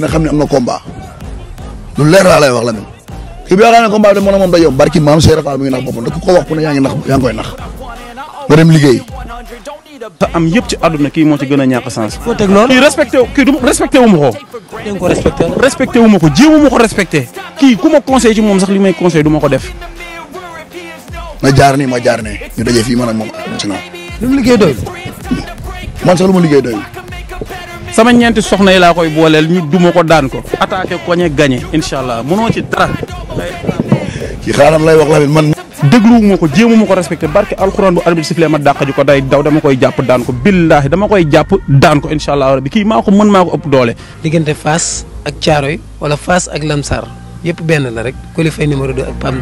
nga xam ne am na combat lu leer laa lay wax la même kii bi yaakaar naa ne combat bi moom moom dajoo barki maam mu ngi nax boppam da ku ko wax ku ne yaa ngi nax yaa ngi koy nax nga dem liggéey. te am yëpp ci na kii moo ci gën a ñàkk sens. foo teg loolu kii respecté wu ma ko. dégg ko respecté respecté wu ma ko jéem ma ko respecté. kii ku ma conseil ci moom sax li ma conseil du ma ko def. ma jaar ni ma jaar ne ñu daje fii man ak moom. ci naaw. li mu liggéey doyul. man sax lu ma liggéey doyul. sama ñeenti soxna yi laa koy booleel ñu duma ko daan ko attaqué koñe gagné incha allah mënoo ci dara. ci xaaral lay wax la man. dégluwuma ko jéemuma ko respecté barke alxuraan bu arbitre sifflé ma dàq ji ko day daw dama koy jàpp daan ko billaahi dama koy jàpp daan ko incha allah rabbi kii maa ko mën maa ko ëpp doole. diggante Fass ak caaro yi wala faas ak Lamsar yëpp benn la rek Coly Faye numéro 2 ak PAM.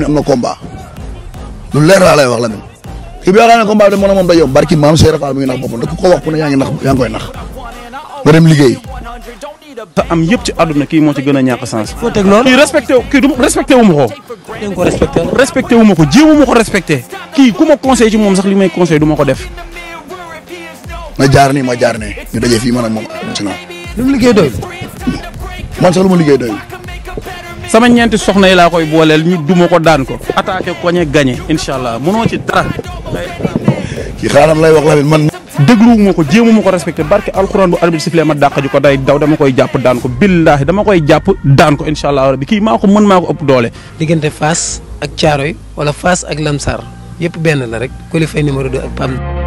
ne am na combat lu leer laa lay wax la min kii bi yaakaar naa combat bi moom moom dajoo barki maam Cheikh Fall mi ngi nax boppam da ko wax ku ne yaa ngi nax yaa ngi koy nax nga dem liggéey. am yëpp ci àdduna kii moo ci gën a ñàkk sens. foo teg loolu kii respecté kii du respecté wu ma ko. dégg ko respecté wu. respecté wu ma ko jéem ma ko respecté. kii ku ma conseil ci moom sax li may conseil du ma def. ma jaar nii ma jaar ne ñu daje fii man ak moom. ci naaw. li mu liggéey doyul. man sax lu ma liggéey doyul. sama ñeenti soxna yi laa koy booleel ñu duma ko daan ko attaqué koñe gagné incha allah mënoo ci dara. ci xaaral lay wax la man. dégluwuma ko jéemuma ko respecté barke alxuraan bu arbitre sifflé ma dàq ji ko day daw dama koy jàpp daan ko billaahi dama koy jàpp daan ko incha allah rabbi kii maa ko mën maa ko ëpp doole. diggante Fass ak caaro yi wala faas ak Lamsar yëpp benn la rek Coly Faye numéro 2 ak PAM.